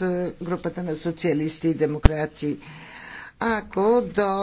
Е, групата на социалисти и демократи. Ако до